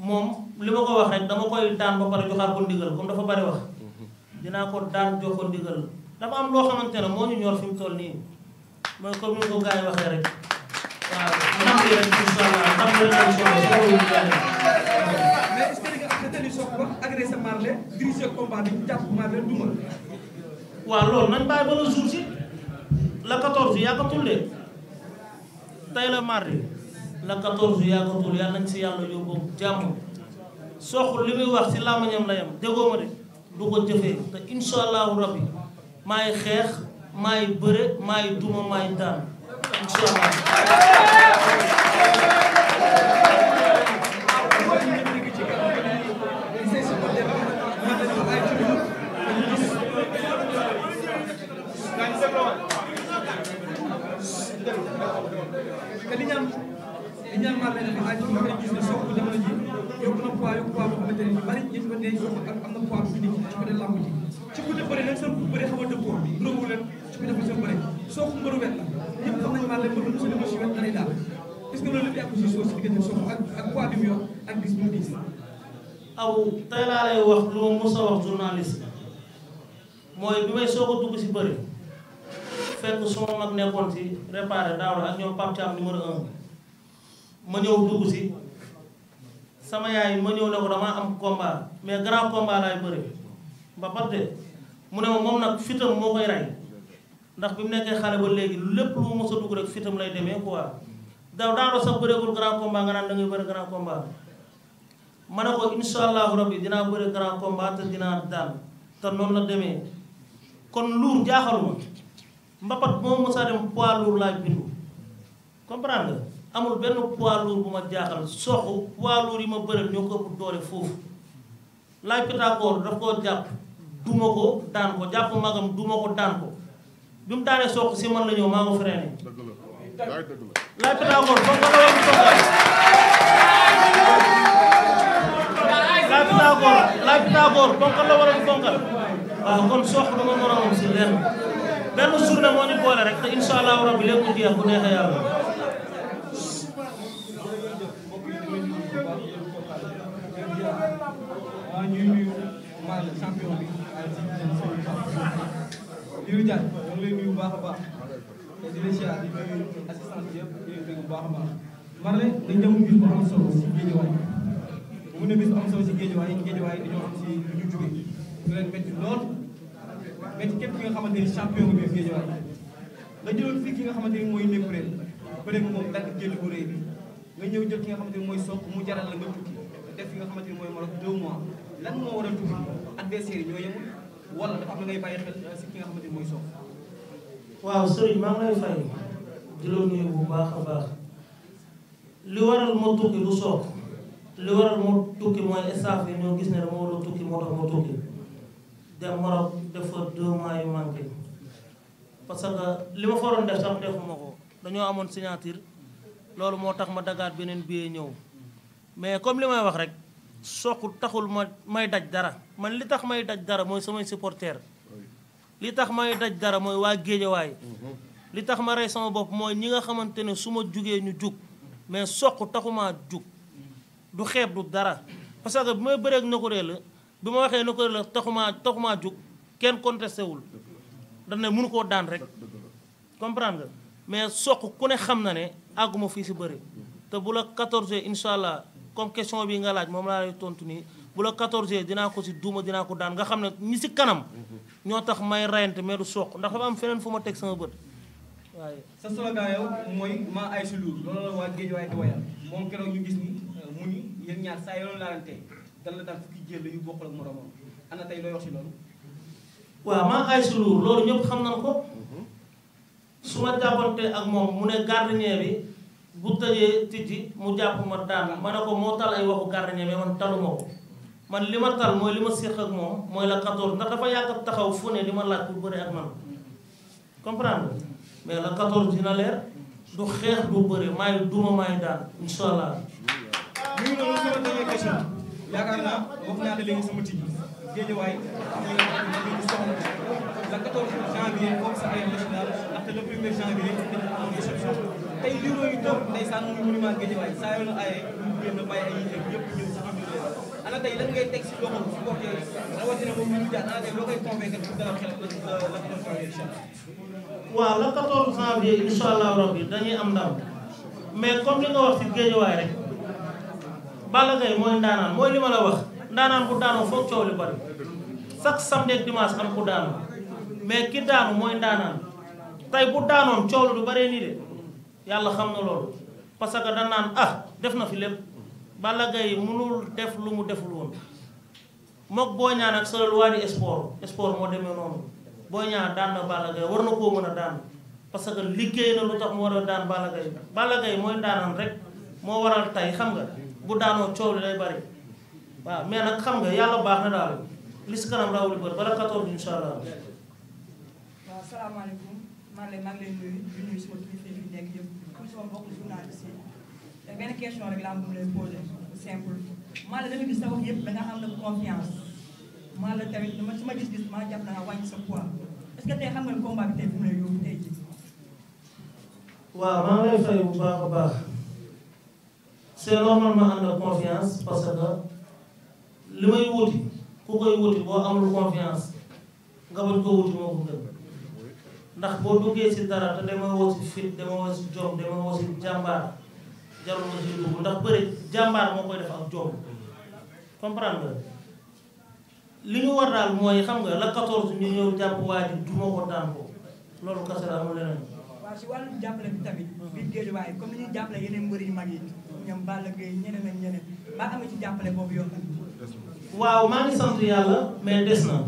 moom li ma ko wax rek dama koy daan ba pare joxaat ko ndigal comme dafa bari wax dinaa ko daan jox ko ndigal dafa am loo xamante ne moo ñu ñor fi toll nii mooy comme ni ko gars yi waxee rek waaw ndam bi rek incha allah ndam bi rek incha allah. mais est-ce que xetali waaw loolu nañ bàyyi ba le jour si la 14 yàggatul de tey la mardi. la 14 yaakatul yàlla nañ si yàlla yóbbu jàmm soxul li muy wax si làmmiñam la yam déggoo ma de du ko jëfee te incha rabbi maay xeex maay bëre maay duma maay daan li ñu naan marmé dafa aaj ñu ngi gis ne soog bu jamono ji yokku na poids yokku poids boo xamante ne ñu bëri ñu ko dee yokku ak am na poids bu nit ci côté làmb ji ci côté bëri nag seen bëri xaw a dëppoo ndogu leen ci côté bu seen bëri sooku mbëru wet la ñëpp xam nañ marmé mbëru su demee si wet da lay daal est-ce que loolu lépp yàqu si soo si diggante soog ak ak poids bi mu yor ak gis bu diis aw tey laa lay wax lu ma mos a wax journaliste mooy bi may soog a dugg si bëri fekk suma mag nekkoon si réparé daaw la ak ñoom Pape Thiam numéro 1 ma ñëw dugg si sama yaay ma ñëw ne ko damaa am combat mais grand combat laay bëri mbapat de mu ne ma moom nag fitam moo koy rey ndax bi mu nekkee xale ba léegi lépp lu mu mës a rek fitam lay demee quoi daw daanoo sax bëreegul grand combat nga naan da ngay bëri grand combat ma ne ko insha dinaa bëri grand combat te dinaa daan te noonu la demee kon luur jaaxaluma mbapat moo mës a dem poids luur laay bindu comprendre nga amul benn poids lourd bu ma jaaxal soxu poids lourd yi ma bëral ñoo ko doole foofu laaj Pythagore daf koo jàpp duma ko daan ko jàpp magam duma ko daan ko bi mu daanee soxu si man la ñëw maa ko freiné laaj Pythagore ba nga doon fonkal la war a fonkal waaw kon soxu dama moroomam si lenn benn journée moo ñu boole rek te incha allahu rabbi lépp jeex bu neexee yàlla avant ñuy nuyu maanaam champion bi Lirou Diane ñu ngi lay nuyu baax a baax te di la siyaar di nuyu assistance yëpp di leen dégg bu baax a baax Marley dañ dem bis bu am solo si géejewaay mu ne bis bu am solo si géejewaay géejewaay dañoo si lu ñu jógee ñu leen métti lool métti képp ki ni champion bi géejewaay nga jëloon fii ki nga xamante ni mooy Nempré bëre moom dàq jël bu rëy bi nga ñëw ki nga xamante ni mooy Sokh mu jaral la nga tukki def ki nga xamante ni mooy Maroc deux mois lan moo waral a adversaire am lu ngay bàyyi xel waaw sëriñ maa ngi lay fay di nuyu bu baax a baax li waral moo tukki bu Sokh li waral moo tukki mooy staff yi ñoo gis ne dama war a tukki moo tax moo tukki dem Maroc def fa deux mois yu parce que li ma fa waroon def sax defuma ko dañoo amoon signature loolu moo tax ma dagaat beneen billet ñëw mais comme li may wax rek. soxul taxul ma may daj dara man li tax may daj dara mooy samay supporter li tax may daj dara mooy waa géejawaay mhm. li tax ma rey sama bopp mooy ñi nga xamante ne su ma jugee ñu jug mais soq taxumaa jug du xeeb du dara parce que bi may bëreek bëreeg Nokoré la bi ma waxee Nokoré la taxumaa taxumaa jug kenn contesté wul dañ ne mënu koo daan rek comprendre nga mais soq ku ne xam na ne àgguma fii si bëri mhm. te bu la 14 incha comme question bi nga laaj moom laa lay tontu nii bu la 14 dinaa ko si duuma dinaa ko daan nga xam ne ñi si kanam. ñoo tax may rayante mais du soq ndax dafa am feneen fu ma teg sama bët waaye. sa slogan yow mooy maa ay si la waa géej waaye di wayal moom keroog ñu gis ni euh, mu ni ñaar saa yoon laalante dan la daan jël yu bokkul ak moromam ana tey looy wax si loolu. waaw loolu loolu xam na ko. su ma jàppante ak moom mu ne gardien bi. bu tëjee tijji mu jàpp ma daan ma ne ko moo tal ay waxu gardien mais man taluma ko man li ma tal mooy li ma séq ak moom mooy la 14 ndax dafa yàgg taxaw fu ne li ma laaj pour bëre ak man comprendre mais la 14 dina leer du xeex du bëre maay duma maay daan incha allah. ñu ngi doon sama dernière question yaakaar naa la léegi sama tijji géejawaay la 14 janvier comme ça ay national ndaxte le premier janvier dañu am exception tey bureau yi toog ndeysaan muy monument Guédiawaye la la waaw le 14 janvier dañuy am ndam mais comme li nga wax si Guédiawaye rek Balla Gaye mooy ndaanaan mooy li ma la wax ndaanaan bu daanoo foog coow li bari chaque samedi ak am ku daanu mais ki daanu mooy ndaanaan tey bu daanoon coow lu du nii de. yàlla xam na loolu parce que da naan ah def na fi lépp Balla Gaye mënul def lu mu deful woon mook Boy Niang ak solo waa di sport sport moo demee noonu Boy Niang daan na Balla war na koo mën a daan parce que liggéey na lu tax mu war a daan Balla Gaye Balla Gaye mooy daanam rek moo waral tey xam nga bu daanoo coow li lay bari waaw mais nag xam nga yàlla baax na daal li si kanam raawul bër bala 14 incha allah. waaw salaamaaleykum. man la maa ngi lay nuyu di nuyu sama kilifa yi nekk yëpp pour sama mbokk journaliste yi benn question rek laa moom lay posé simple maa la da nga gis sa wax yëpp da nga am la confiance maa la tamit dama sama gis-gis maa jàpp na nga wàññi sa poids est-ce que tey xam nga combat bi tey fu mu lay yóbbu tey jii waaw maa ngi lay fay bu baax a baax c'est normal ma am la confiance parce que li may wuti ku koy wuti boo amul confiance nga bañ ko wuti moo ko gën ndax boo duggee si dara te dama woo si fit dama woo si jom dama woo ndax bëri jàmbaar moo koy def ak jom comprendre nga li ñu war daal mooy xam nga la 14 ñu ñëw jàpp waa ji duma ko daan loolu kese la amul leneen. waaw si bi tamit. biir géej waaye comme ni ñuy jàppale yeneen mbër yu mag yi ñoom ci jàppale boobu waaw maa ngi sant yàlla mais des na.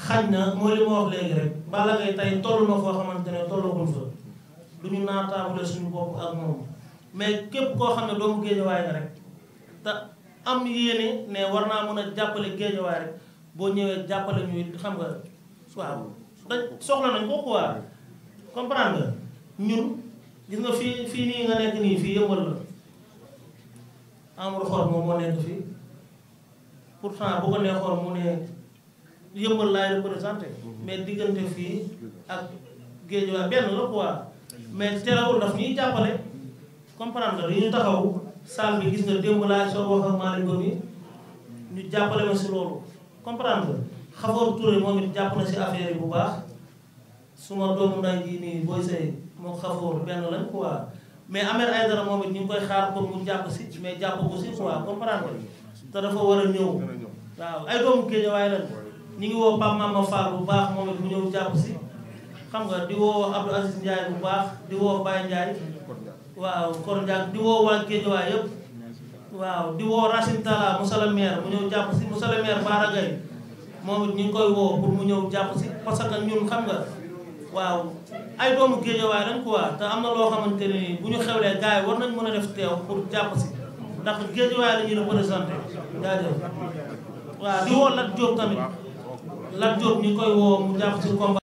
xaj na moo li ma wax léegi rek Balla Gaye tey toll na foo xamante ne tollagul fa du ñu naataabule suñu bopp ak moom mais képp koo xam ne doomu géejawaay nga rek te am yéene ne war naa mën a jàppale géejawaay rek boo ñëwee jàppale ñuy xam nga waaw da soxla nañ ko quoi comprendre nga ñun gis nga fii fii nii nga nekk nii fii yëmbal la amul xor moom moo nekk fii pourtant bu ko nee xor mu ne yëmbal laay représenté mais diggante fii ak géej waa benn la quoi mais terewul daf ñuy jàppale comprendre yi ñu taxaw saal bi gis nga démb laay soo wax ak Malick Ngom yi ñu jàppale ma si loolu comprendre nga Xafoor Touré moom it jàpp na si affaire yi bu baax suma doom nday ji nii booy say moom Xafoor benn lañ quoi mais Ahmed Aïdara moom it ñu koy xaar pour mu jàpp si mais jàpp ko si quoi comprendre nga te dafa war a ñëw waaw ay doomu géej waaye lañ ñu ngi woo Pape Mama Fall bu baax moom it mu ñëw jàpp si xam nga di woo Abdou Aziz Ndiaye bu baax di woo Baye Ndiaye waaw Kor Ndiaye di woo waa Guédiawaye yëpp waaw di woo Racine Talla monsieur le maire mu ñëw jàpp si monsieur le maire Bara Gaye moom it ñu ngi koy woo pour mu ñëw jàpp si parce que ñun xam nga waaw ay doomu Guédiawaye lañ quoi te am na loo xamante ni bu ñu xewlee gars yi war nañ mën a def teew pour jàpp si ndax Guédiawaye la ñuy représenté jaajëf waaw di Lat Diop ñu koy woo mu jàpp ci combat